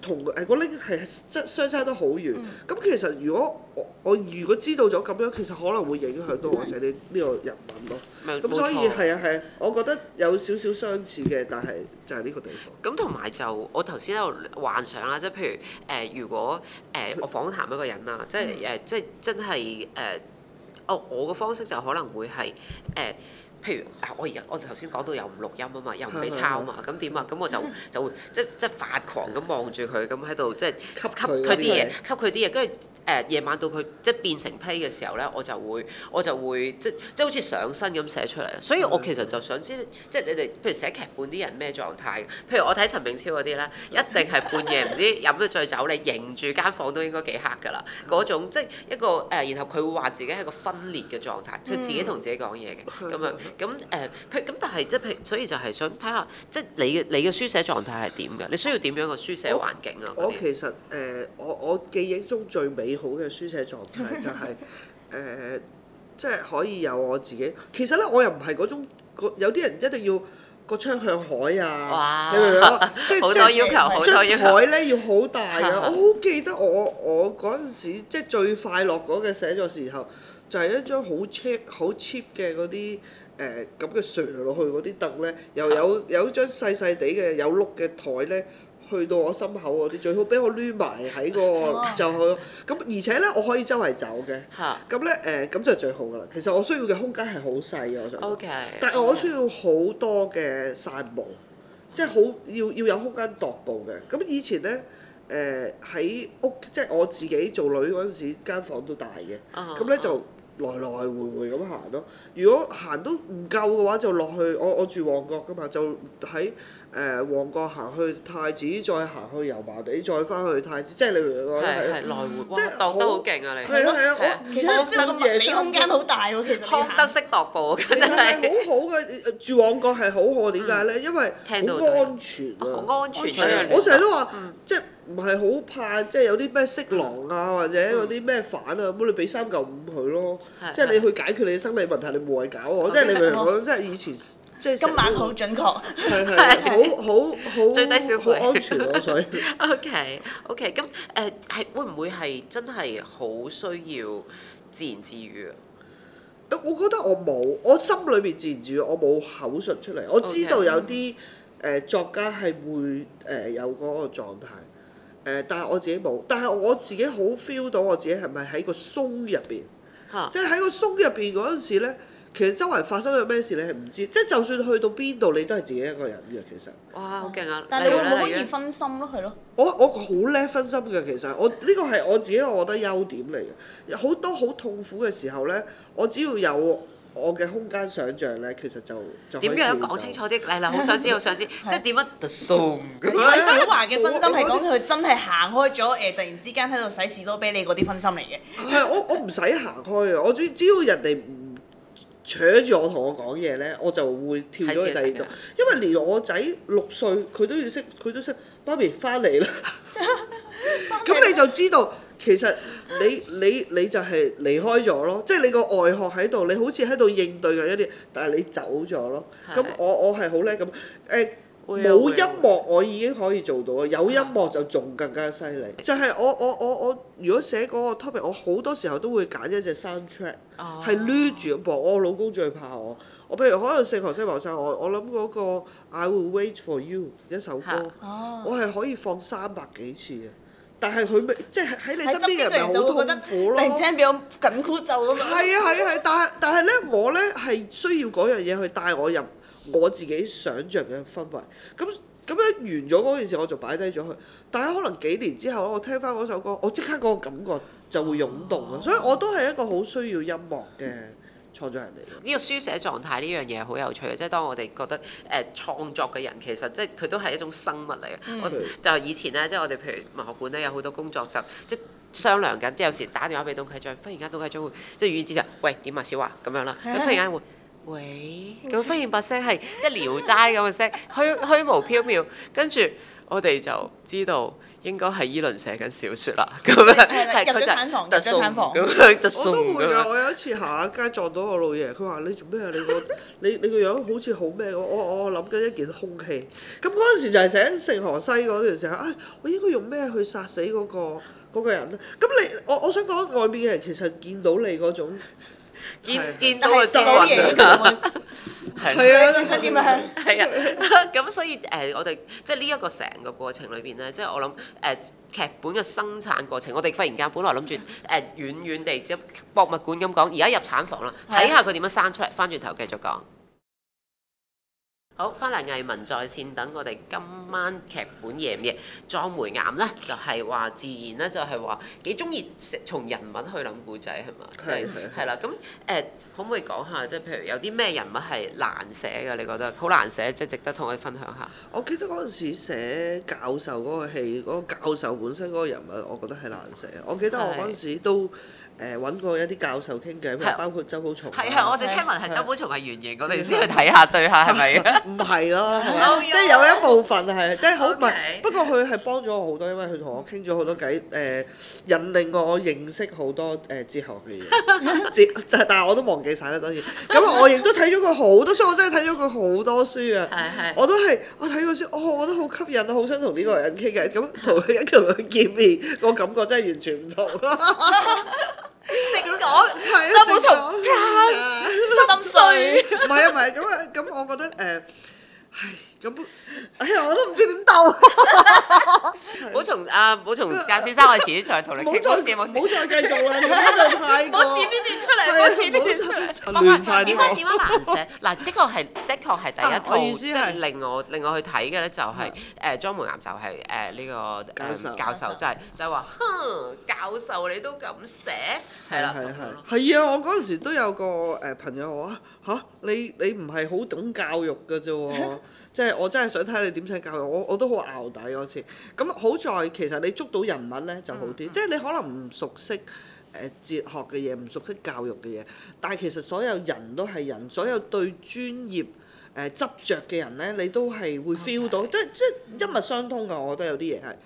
同誒、那個拎係真相差都好遠，咁、嗯、其實如果我我如果知道咗咁樣，其實可能會影響到我寫啲呢個人文咯。咁、嗯、所以係啊係啊，我覺得有少少相似嘅，但係就係呢個地方。咁同埋就我頭先喺度幻想啦，即係譬如誒、呃，如果誒、呃、我訪談一個人啊，即係誒、呃，即係真係誒，哦、呃、我個方式就可能會係誒。呃譬如我而家我頭先講到又唔錄音啊嘛，又唔俾抄啊嘛，咁點啊？咁我就就會即即發狂咁望住佢，咁喺度即吸吸佢啲嘢，吸佢啲嘢，跟住誒夜晚到佢即變成批嘅時候咧，我就會我就會即即好似上身咁寫出嚟。所以我其實就想知，即你哋譬如寫劇本啲人咩狀態？譬如我睇陳明超嗰啲啦，一定係半夜唔知飲咗醉酒，你凝住間房都應該幾黑㗎啦。嗰種即一個誒，然後佢會話自己係個分裂嘅狀態，佢自己同自己講嘢嘅咁樣。咁誒，譬咁、嗯呃，但係即係譬如，所以就係想睇下，即係你嘅你嘅書寫狀態係點嘅？你需要點樣嘅書寫環境啊？我其實誒、呃，我我記憶中最美好嘅書寫狀態就係、是、誒、 呃，即係可以有我自己。其實咧，我又唔係嗰種有啲人一定要個窗向海啊。哇你明唔明？ 即 好多要求，海咧即要好大啊！ 我好記得我我嗰陣時，即係最快樂嗰嘅寫作時候，就係、是、一張好 cheap 好 cheap 嘅嗰啲。誒咁嘅垂落去嗰啲凳咧，又有有一張細細地嘅有碌嘅枱咧，去到我心口嗰啲最好俾我攣埋喺個 就係咁，而且咧我可以周圍走嘅，咁咧誒咁就最好噶啦。其實我需要嘅空間係好細嘅，我想，但係我需要好多嘅散步，okay. 即係好要要有空間踱步嘅。咁以前咧誒喺屋，即係我自己做女嗰陣時，間房都大嘅，咁咧、uh huh, 就。來來回回咁行咯，如果行都唔夠嘅話，就落去我我住旺角嘅嘛，就喺。誒，旺角行去太子，再行去油麻地，再翻去太子，即係你明唔明？覺得係來回，即係都好勁啊！你係啊係啊！我其實我咁夜嘅空間好大喎，其實康德式踱步其，真係好好嘅。住旺角係好，好。點解咧？因為好安全啊，好安全。我成日都話，即係唔係好怕，即係有啲咩色狼啊，或者嗰啲咩反啊，咁你俾三嚿五佢咯。即係你去解決你嘅生理問題，你冇謂搞我。即係你譬我，即係以前。即今晚好準確，係係係，好好好， 很最低消費，好安全，所以。O K O K，咁誒係會唔會係真係好需要自言自語啊？誒，我覺得我冇，我心裏邊自言自語，我冇口述出嚟。我知道有啲誒、呃、作家係會誒、呃、有嗰個狀態，呃、但係我自己冇，但係我自己好 feel 到我自己係咪喺個松入邊？即係喺個松入邊嗰陣時咧，其實周圍發生咗咩事，你係唔知。即係就算去到邊度，你都係自己一個人嘅。其實。哇，好勁啊！但係你會唔可以分心咯，係咯。我我好叻分心嘅，其實我呢個係我自己我覺得優點嚟嘅。好多好痛苦嘅時候咧，我只要有我嘅空間想像咧，其實就就可以。點樣講清楚啲？嚟嚟，好想知，好想知，即係點樣？小樺嘅分心係講佢真係行開咗誒！突然之間喺度洗士多啤梨嗰啲分心嚟嘅。係我我唔使行開啊！我只只要人哋。扯住我同我講嘢咧，我就會跳咗去第二度，因為連我仔六歲，佢都要識，佢都識，媽咪翻嚟啦。咁 了你就知道，其實你你你就係離開咗咯，即係你個外殼喺度，你好似喺度應對緊一啲，但係你走咗咯。咁是我我係好叻咁，誒、呃。冇、啊啊啊、音樂我已經可以做到啊，有音樂就仲更加犀利。啊啊就係我我我我如果寫嗰個 topic，我好多時候都會揀一隻 soundtrack 係攣、啊啊、住一部。我老公最怕我，我譬如可能四行四行三我，我諗嗰個 I will wait for you 一首歌，啊啊啊我係可以放三百幾次嘅。但係佢咪，即係喺你身邊嘅人咪好痛苦咯？突然之間變緊箍咒咁。係啊係啊係，但係但係咧我咧係需要嗰樣嘢去帶我入。我自己想像嘅氛圍，咁咁樣完咗嗰件事，我就擺低咗佢。但係可能幾年之後我聽翻嗰首歌，我即刻嗰個感覺就會湧動咯。所以我都係一個好需要音樂嘅創作人嚟。呢、嗯嗯、個書寫狀態呢樣嘢好有趣嘅，即、就、係、是、當我哋覺得誒、呃、創作嘅人其實即係佢都係一種生物嚟嘅。我、嗯、就以前咧，即係我哋譬如文學館咧，有好多工作就即係商量緊，即係有時打電話俾董啟章，忽然間董啟章會即係語意之上，喂點啊小樺咁樣啦，咁忽然間會。嗯嗯喂，咁忽然把聲係即係聊齋咁嘅聲，虛虛無縹緲，跟住我哋就知道應該係依輪寫緊小説啦。咁樣係的就入咗產房，入咗產房咁樣就我都會㗎，我有一次行下街撞到我老爺，佢話你做咩啊？你，你、嗰個你你個樣好似好咩咁？我我諗緊一件空氣。咁嗰陣時就係寫緊《城河西》嗰段時間。啊，我應該用咩去殺死嗰、嗰個嗰、嗰個人咧？咁你我我想講外面嘅人其實見到你嗰種。見的見到做嘢，係啊的！你想點啊？係啊 的！咁 所以誒，uh, 我哋即係呢一個成個過程裏邊咧，即係我諗誒、uh, 劇本嘅生產過程。我哋忽然間本來諗住誒遠遠地即博物館咁講，而家入產房啦，睇下佢點樣生出嚟，翻轉頭繼續講。好翻嚟藝文在線，等我哋今晚劇本夜唔夜？莊梅岩呢，咧就係、是、話自然咧，就係話幾中意食從人物去諗故仔係嘛？即係係啦。咁誒、呃，可唔可以講下即係譬如有啲咩人物係難寫嘅？你覺得好難寫，即係值得同我哋分享下。我記得嗰陣時寫教授嗰個戲，嗰、嗰個教授本身嗰個人物，我覺得係難寫。我記得我嗰陣時都。誒揾過一啲教授傾偈，包括周寶松。係啊，我哋聽聞係周寶松係原型。我哋先去睇下對下係咪唔係咯，即係有一部分係，即係好唔係。不過佢係幫咗我好多，因為佢同我傾咗好多偈，誒引領我認識好多誒哲學嘅嘢。哲，但係我都忘記晒啦，當然。咁我亦都睇咗佢好多書，我真係睇咗佢好多書啊！我都係我睇過書，哦，我都好吸引，我好想同呢個人傾偈。咁同佢一同佢見面，個感覺真係完全唔同。正咯， 對正好心好痛，心碎。唔係啊，唔係咁啊，咁 我覺得誒，係、呃、咁，哎呀，我都唔知點鬥。 唔好從啊，唔好從教先生開始，再同你傾。冇錯，冇再繼續啦，一路係。冇剪呢啲出嚟，我剪呢啲出嚟。亂曬點解點解難寫？嗱，的確係的確係第一套，即係令我令我去睇嘅咧，就係誒莊梅岩就係誒呢個教授，教授就係就話，哼，教授你都敢寫，係啦，係啊，我嗰陣時都有個誒朋友我。嚇、啊！你你唔係好懂教育嘅啫喎， 即係我真係想睇你點整教育，我我都好淆底嗰次。咁、嗯、好在其實你捉到人物呢就好啲，嗯嗯、即係你可能唔熟悉、呃、哲學嘅嘢，唔熟悉教育嘅嘢，但係其實所有人都係人，所有對專業，誒執著嘅人呢，你都係會 feel 到，Okay. 即即一脈相通㗎。我覺得有啲嘢係，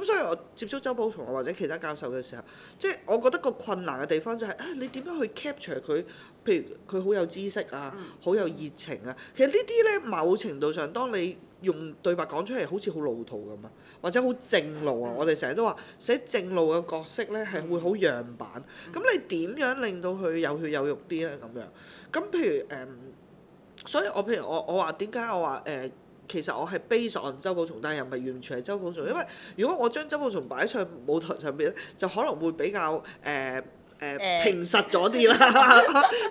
咁所以我接觸周寶松或者其他教授嘅時候，即我覺得個困難嘅地方就係、是、啊、哎，你點樣去 capture 佢？譬如佢好有知識啊，嗯、好有熱情啊。其實呢啲呢，某程度上，當你用對白講出嚟，好似好老土咁啊，或者好正路啊。嗯、我哋成日都話寫正路嘅角色呢係會好樣板。咁、嗯、你點樣令到佢有血有肉啲呢？咁樣咁譬如誒。嗯嗯所以我譬如我我話點解我話誒其實我係 base on 周寶松，但係唔係完全係周寶松，因為如果我將周寶松擺上舞台上邊咧，就可能會比較誒誒平實咗啲啦。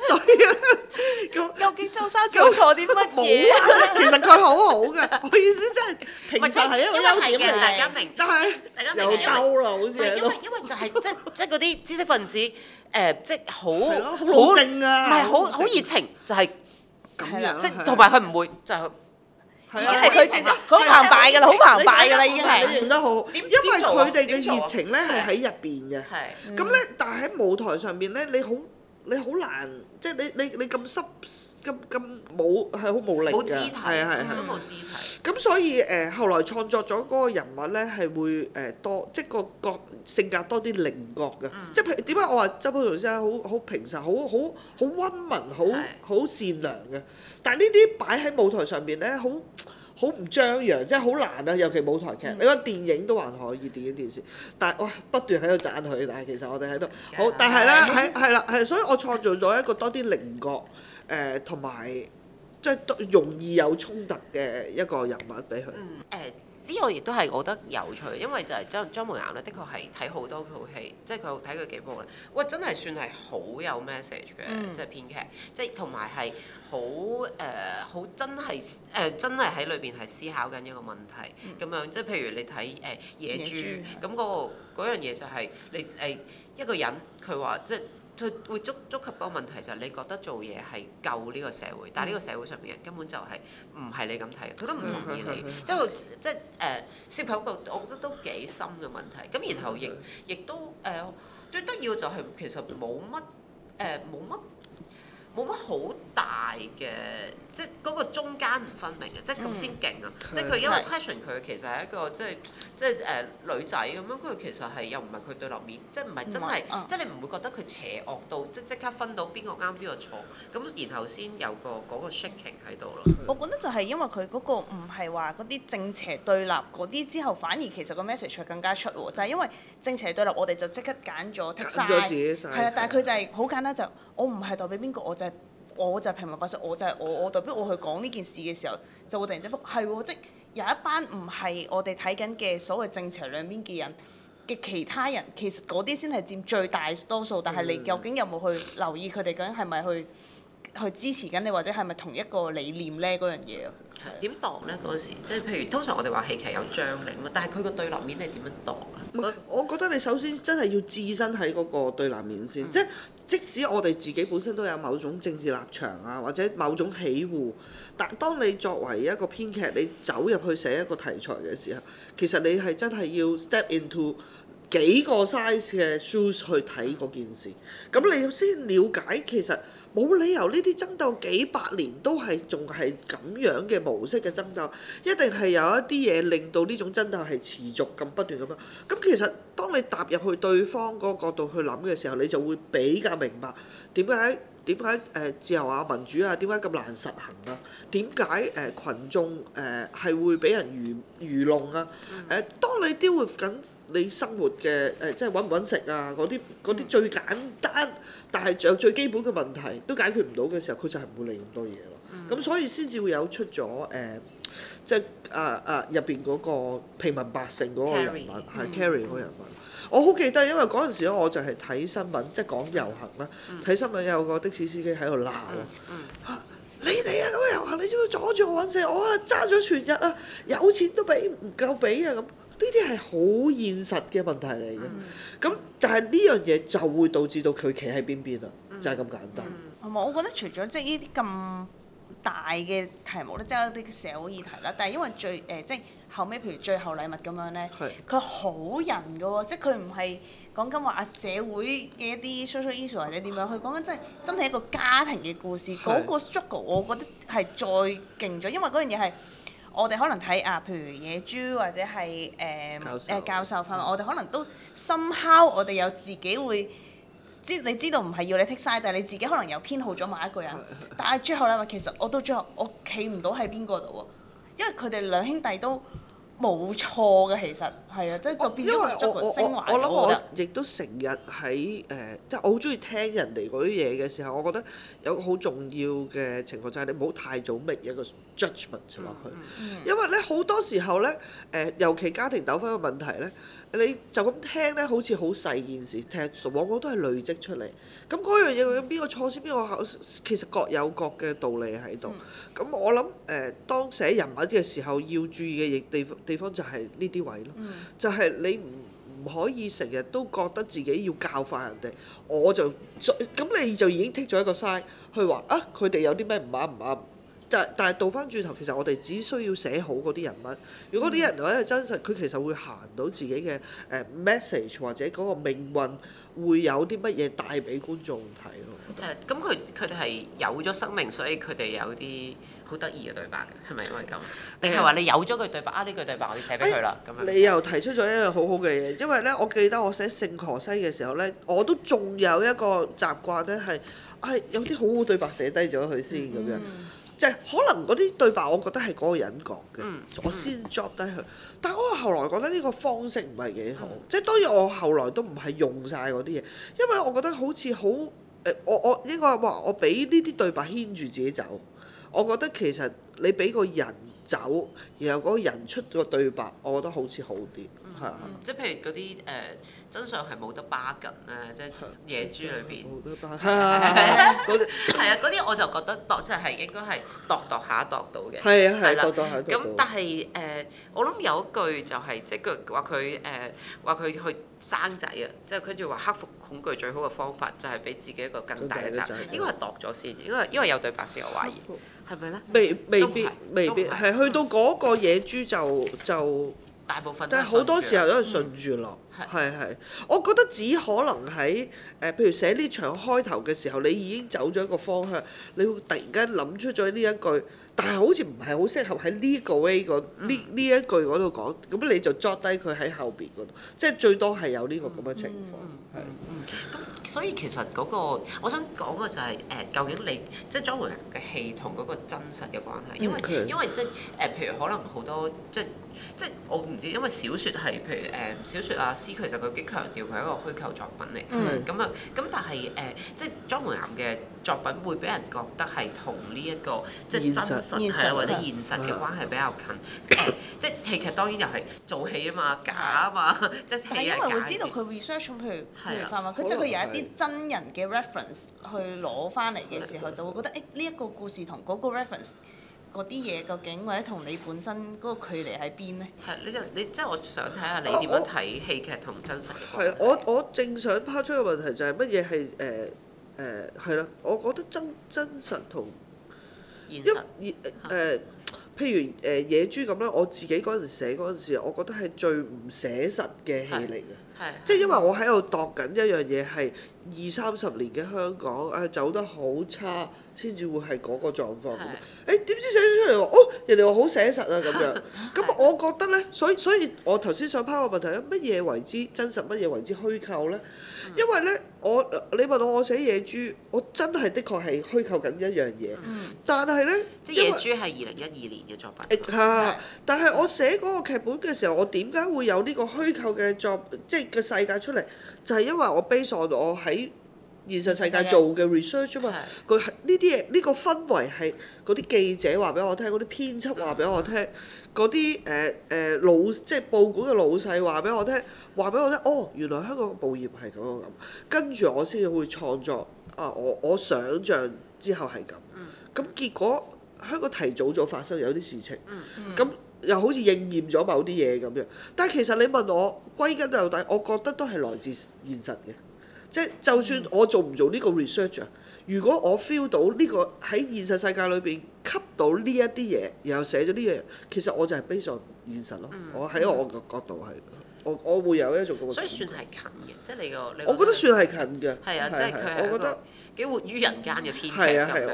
所以究竟周生做錯啲乜嘢？其實佢好好嘅，我意思即係平實係因為因為點大家明？但係大家明又嬲啦，好似係因為因為就係即即嗰啲知識分子誒，即係好好正啊，唔係好好熱情就係。係啦，即係同埋佢唔會就已經係佢先，好澎湃噶啦，好澎湃噶啦，已經係。得好，因為佢哋嘅熱情咧係喺入邊嘅。係，咁咧，但係喺舞台上邊咧，你好，你好難，即係你你你咁濕。咁咁冇係好冇力，係係係都冇姿態。咁所以誒，後來創作咗嗰個人物咧，係會誒多即個個性格多啲棱角嘅。即係點解我話周柏豪先生好好平實、好好好温文、好好善良嘅？但係呢啲擺喺舞台上面咧，好好唔張揚，即係好難啊！尤其舞台劇，你話電影都還可以，電影電視，但係我不斷喺度讚佢，但係其實我哋喺度好，但係咧係係啦係，所以我創造咗一個多啲棱角。誒同埋即係都容易有衝突嘅一個人物俾佢。誒呢個亦都係我覺得有趣，因為就係莊莊梅岩咧，的確係睇好多套戲，即係佢睇佢幾部咧，哇！真係算係好有 message 嘅，即係編劇，即係同埋係好誒好真係誒真係喺裏邊係思考緊一個問題咁樣。即係譬如你睇誒野豬咁嗰個樣嘢就係你誒一個人佢話即係。佢會觸觸及個問題就係你覺得做嘢係救呢個社會，嗯、但係呢個社會上邊人根本就係唔係你咁睇，佢都唔同意你，即係即係誒涉及個，我覺得都幾深嘅問題。咁然後亦亦、嗯嗯、都誒、呃，最得意就係其實冇乜誒，冇、呃、乜。冇乜好大嘅，即係嗰個中間唔分明嘅，即係咁先勁啊！嗯、即係佢因為 question 佢其實係一個即係即係、呃、誒女仔咁樣，佢其實係又唔係佢對立面，即係唔係真係，啊、即係你唔會覺得佢邪惡到即即刻分到邊個啱邊個錯，咁然後先有個嗰、嗰個 shaking 喺度咯的。我覺得就係因為佢嗰個唔係話嗰啲正邪對立嗰啲之後反而其實個 message 係更加出喎，就係、是、因為正邪對立，我立，我哋就即刻揀咗剔曬，係啊，但係佢就係好簡單，就是、我唔係代表邊個我就是。我就係平民百姓，我就係我，我代表我去講呢件事嘅時候，就會突然之間，係喎，即有一班唔係我哋睇緊嘅所謂正邪兩邊嘅人嘅其他人，其實嗰啲先係佔最大多數，但係你究竟有冇去留意佢哋究竟係咪去去支持緊你，或者係咪同一個理念呢？嗰樣嘢點度呢？嗰時即係譬如，通常我哋話戲劇有張力嘛，但係佢個對立面係點樣度？啊？我覺得你首先真係要置身喺嗰個對立面先，嗯、即係即使我哋自己本身都有某種政治立場啊，或者某種喜惡，但係當你作為一個編劇，你走入去寫一個題材嘅時候，其實你係真係要 step into。幾個 size 嘅 shoes 去睇嗰件事，咁你要先了解，其實冇理由呢啲爭鬥幾百年都係仲係咁樣嘅模式嘅爭鬥，一定係有一啲嘢令到呢種爭鬥係持續咁不斷咁樣。咁其實當你踏入去對方個角度去諗嘅時候，你就會比較明白點解點解誒自由啊民主啊點解咁難實行啊？點解誒群眾誒係會俾人愚愚弄啊？誒，當你 deal 緊。你生活嘅誒，即係揾唔揾食啊？嗰啲嗰啲最簡單，但係又最基本嘅問題都解決唔到嘅時候，佢就係唔會理咁多嘢咯。咁所以先至會有出咗誒，即係啊啊入邊嗰個平民百姓嗰個人物，係 Carrie 嗰個人物。我好記得，因為嗰陣時咧，我就係睇新聞，即係講遊行啦。睇新聞有個的士司機喺度鬧啊！你哋啊！咁樣遊行，你知唔知阻住我揾食？我啊揸咗全日啊，有錢都俾唔夠俾啊咁。呢啲係好現實嘅問題嚟嘅，咁、嗯、但係呢樣嘢就會導致到佢企喺邊邊啦，嗯、就係咁簡單。係咪、嗯？嗯嗯、我覺得除咗即係呢啲咁大嘅題目咧，即係一啲社會議題啦，但係因為最誒即係後尾，譬如最後禮物咁樣咧，佢好是人嘅喎，即係佢唔係講緊話社會嘅一啲 social issue 或者點樣，佢講緊真係真係一個家庭嘅故事。嗰是個 struggle 我覺得係再勁咗，因為嗰樣嘢係。我哋可能睇啊，譬如野豬或者係誒誒教授份，我哋可能都深敲，somehow, 我哋有自己會知，你知道唔係要你 take side，但係你自己可能又偏好咗某一個人， 但係最後咧，其實我到最後我企唔到喺邊個度喎，因為佢哋兩兄弟都。冇錯嘅，其實係啊，即係就變咗一個昇華，我諗我亦都成日喺誒、呃，即係我好中意聽人哋嗰啲嘢嘅時候，我覺得有個好重要嘅情況就係、是、你唔好太早俾一個 judgment 落、嗯、去，嗯、因為咧好多時候咧誒、呃，尤其家庭糾紛嘅問題咧。你就咁聽咧，好似好細件事，其實往往都係累積出嚟。咁嗰樣嘢，邊個錯先？邊個考？其實各有各嘅道理喺度。咁、嗯、我諗誒、呃，當寫人物嘅時候，要注意嘅亦地方地方就係呢啲位咯，嗯、就係你唔唔可以成日都覺得自己要教化人哋。我就咁你就已經剔咗一個 side 去話啊，佢哋有啲咩唔啱唔啱？但但係倒翻轉頭，其實我哋只需要寫好嗰啲人物。如果啲人物係真實，佢其實會行到自己嘅誒 message，或者嗰個命運會有啲乜嘢帶俾觀眾睇咯。咁佢佢哋係有咗生命，所以佢哋有啲好得意嘅對白嘅，係咪因為咁？定係話你有咗佢對白、嗯、啊？呢句對白我要寫俾佢啦，咁、嗯、樣。你又提出咗一樣好好嘅嘢，因為咧，我記得我寫《聖荷西》嘅時候咧，我都仲有一個習慣咧，係係、哎、有啲好好對白寫低咗佢先咁樣。嗯。就係可能嗰啲對白，我覺得係嗰個人講嘅，嗯、我先 job 低佢。嗯、但係我後來覺得呢個方式唔係幾好，即係、嗯、當然我後來都唔係用晒嗰啲嘢，因為我覺得好似好、呃、我我應該話我俾呢啲對白牽住自己走，我覺得其實你俾個人走，然後嗰個人出咗個對白，我覺得好似好啲。即係譬如嗰啲誒，真相係冇得巴緊啦，即係野豬裏邊冇係啊，嗰啲我就覺得度真係應該係度度下度到嘅。係啊，係，度度下度。咁但係誒，我諗有一句就係，即係佢話佢誒，話佢去生仔啊，即係跟住話克服恐懼最好嘅方法就係俾自己一個更大嘅責任。應該係度咗先，因為因為有對白事有懷疑，係咪咧？未未必未必係去到嗰個野豬就就。大部分，但係好多時候都係順住落，係係、嗯。我覺得只可能喺誒、呃，譬如寫呢場開頭嘅時候，你已經走咗一個方向，你會突然間諗出咗呢一句，但係好似唔係好適合喺呢個 a y 嗰呢呢一句嗰度講，咁你就捉低佢喺後邊嗰度，即係最多係有呢個咁嘅情況，係。所以其實嗰、那個我想講嘅就係、是、誒、呃、究竟你即係莊梅岩嘅戲同嗰個真實嘅關係，因為、嗯、因為即係誒、呃、譬如可能好多即係即係我唔知，因為小説係譬如誒、呃、小説啊，詩其實佢幾強調佢係一個虛構作品嚟，咁啊咁但係誒、呃、即係莊梅岩嘅。作品會俾人覺得係同呢一個即係真實係或者現實嘅關係比較近，即係戲劇當然又係做戲啊嘛，假啊嘛，即係聽因為會知道佢 research，譬如譬如翻嘛，佢即係佢有一啲真人嘅 reference 去攞翻嚟嘅時候，就會覺得誒呢一個故事同嗰個 reference 嗰啲嘢究竟或者同你本身嗰個距離喺邊呢？係你就你即係我想睇下你點樣睇戲劇同真實嘅。係我我正想拋出嘅問題就係乜嘢係誒？誒係啦，我覺得真真實同現實，因呃呃、譬如誒、呃、野豬咁啦，我自己嗰陣寫嗰陣時，我覺得係最唔寫實嘅戲嚟嘅，即係因為我喺度度緊一樣嘢係。二三十年嘅香港，誒走得好差，先至會係嗰個狀況。誒點知寫咗出嚟話哦，人哋話好寫實啊咁樣。咁我覺得咧，所以所以我頭先想拋個問題，乜嘢為之真實，乜嘢為之虛構咧？因為咧，我你問我我寫野豬，我真係的確係虛構緊一樣嘢。但係咧，即野豬係二零一二年嘅作品。係係，但係我寫嗰個劇本嘅時候，我點解會有呢個虛構嘅作，即係個世界出嚟？就係因為我 base on 我喺。喺現實世界做嘅 research 啊嘛，佢係呢啲嘢，呢、呢個氛圍係嗰啲記者話俾我聽，嗰啲編輯話俾我聽，嗰啲誒誒老即係報館嘅老細話俾我聽，話俾我聽，哦，原來香港報業係咁樣咁，跟住我先會創作啊。我我想像之後係咁，咁、嗯、結果香港提早咗發生有啲事情，咁、嗯嗯、又好似應驗咗某啲嘢咁樣。但係其實你問我，歸根到底，我覺得都係來自現實嘅。即係就算我做唔做呢個 research 啊，如果我 feel 到呢、呢個喺現實世界裏邊吸到呢一啲嘢，然後寫咗呢樣，其實我就係 base on 現實咯。嗯、我喺我個角度係，我我會有一種咁嘅。所以算係近嘅，即係你個我覺得算係近嘅。係啊，即、就、係、是、我覺得。幾活於人間嘅編劇，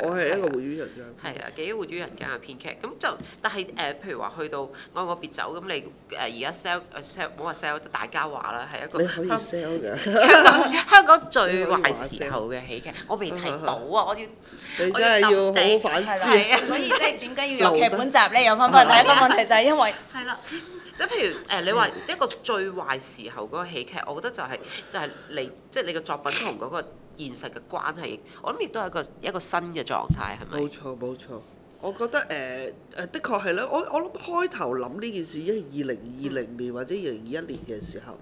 我係一個活於人間嘅編劇。係啊，幾活於人間嘅編劇咁就，但係誒，譬、呃、如話去到愛我別走咁，你誒而家 sell sell 冇話 sell 大家話啦，係一個香港 香港最壞時候嘅喜劇，我未睇到啊， 要反我要我心地係啊， 所以即係點解要有劇本集咧？有方法。第一個問題就係因為係啦。 即係譬如誒、呃，你話一個最壞時候嗰個喜劇，我覺得就係、是、就係、是、你，即、就、係、是、你嘅作品同嗰個現實嘅關係，我諗亦都係一個一個新嘅狀態，係咪？冇錯，冇錯。我覺得誒誒、呃，的確係咧。我我諗開頭諗呢件事已經係二零二零年或者二零二一年嘅時候，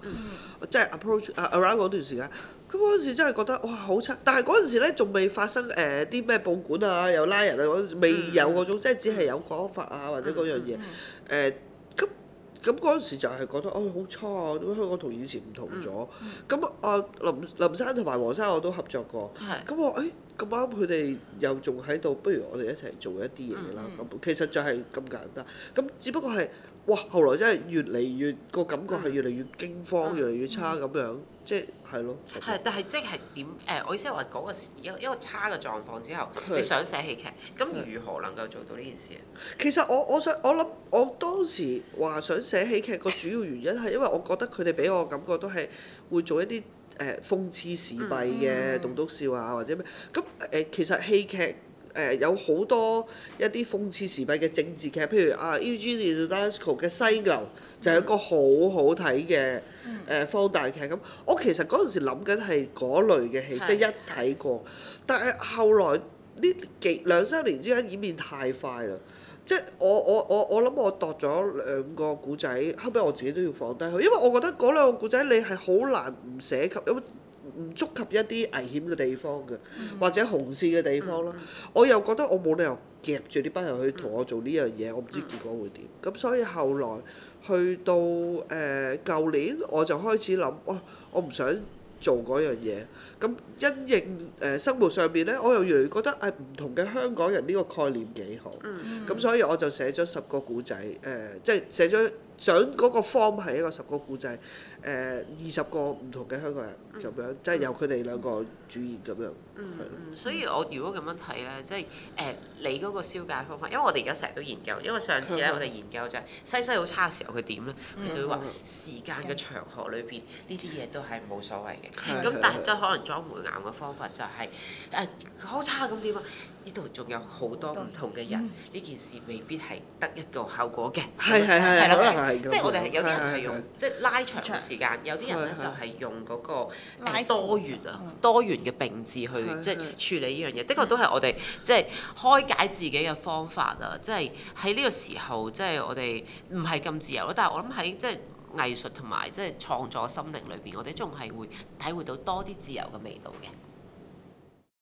即係 approach around 嗰段時間。咁嗰陣時真係覺得哇好差！但但係嗰陣時咧仲未發生誒啲咩報館啊，又拉人啊嗰陣，未有嗰種，嗯、即係只係有講法啊或者嗰樣嘢誒。嗯嗯。咁嗰陣時就係覺得哦好差啊！點解香港同以前唔同咗。咁啊、嗯，林林生同埋黃生我都合作過。咁是我誒咁啱佢哋又仲喺度，不如我哋一齊做一啲嘢啦。咁、嗯、其實就係咁簡單。咁只不過係。哇！後來真係越嚟越個感覺係越嚟越驚慌，嗯、越嚟越差咁樣，嗯、即係係咯。係，但係即係點？誒、呃，我意思係話嗰個一一個差嘅狀況之後，的你想寫戲劇，咁如何能夠做到呢件事啊？的其實我我想我諗，我當時話想寫戲劇個主要原因係因為我覺得佢哋俾我感覺都係會做一啲誒諷刺時弊嘅棟篤笑啊，或者咩？咁誒、呃，其實戲劇。誒、呃、有好多一啲諷刺時弊嘅政治劇，譬如啊，啊、e、Ugandale 嘅犀牛、嗯、就係一個好好睇嘅誒放大劇咁。我其實嗰陣時諗緊係嗰類嘅戲，嗯、即係一睇過。嗯、但係後來呢幾兩三年之間演變太快啦，即係我我我我諗我度咗兩個古仔，後尾我自己都要放低佢，因為我覺得嗰兩個古仔你係好難唔寫及。唔觸及一啲危險嘅地方嘅，mm hmm. 或者紅線嘅地方咯。Mm hmm. 我又覺得我冇理由夾住呢班人去同我做呢樣嘢，mm hmm. 我唔知結果會點。咁所以後來去到誒舊、呃、年，我就開始諗，哇、哦！我唔想做嗰樣嘢。咁因應誒、呃、生活上面咧，我又越來覺得誒唔、呃、同嘅香港人呢個概念幾好。咁、mm hmm. 所以我就寫咗十個古仔，誒、呃，即係寫咗。想嗰個 form 係一個十個古仔，誒、呃、二十個唔同嘅香港人咁樣，即係、嗯、由佢哋兩個主演咁樣。嗯，的所以我如果咁樣睇咧，即係誒你嗰個消解方法，因為我哋而家成日都研究，因為上次咧的我哋研究就係、是、西西好差嘅時候佢點咧，佢就會話時間嘅長河裏邊呢啲嘢都係冇所謂嘅，咁的但係即係可能莊梅岩嘅方法就係誒好差咁點啊？呢度仲有好多唔同嘅人，呢件事未必係得一個效果嘅。係係係係咯，即係我哋有啲人係用，即係拉長時間，有啲人咧就係用嗰個多元啊，多元嘅並置去即係處理呢樣嘢。的確都係我哋即係開解自己嘅方法啊！即係喺呢個時候，即係我哋唔係咁自由咯。但係我諗喺即係藝術同埋即係創作心靈裏邊，我哋仲係會體會到多啲自由嘅味道嘅。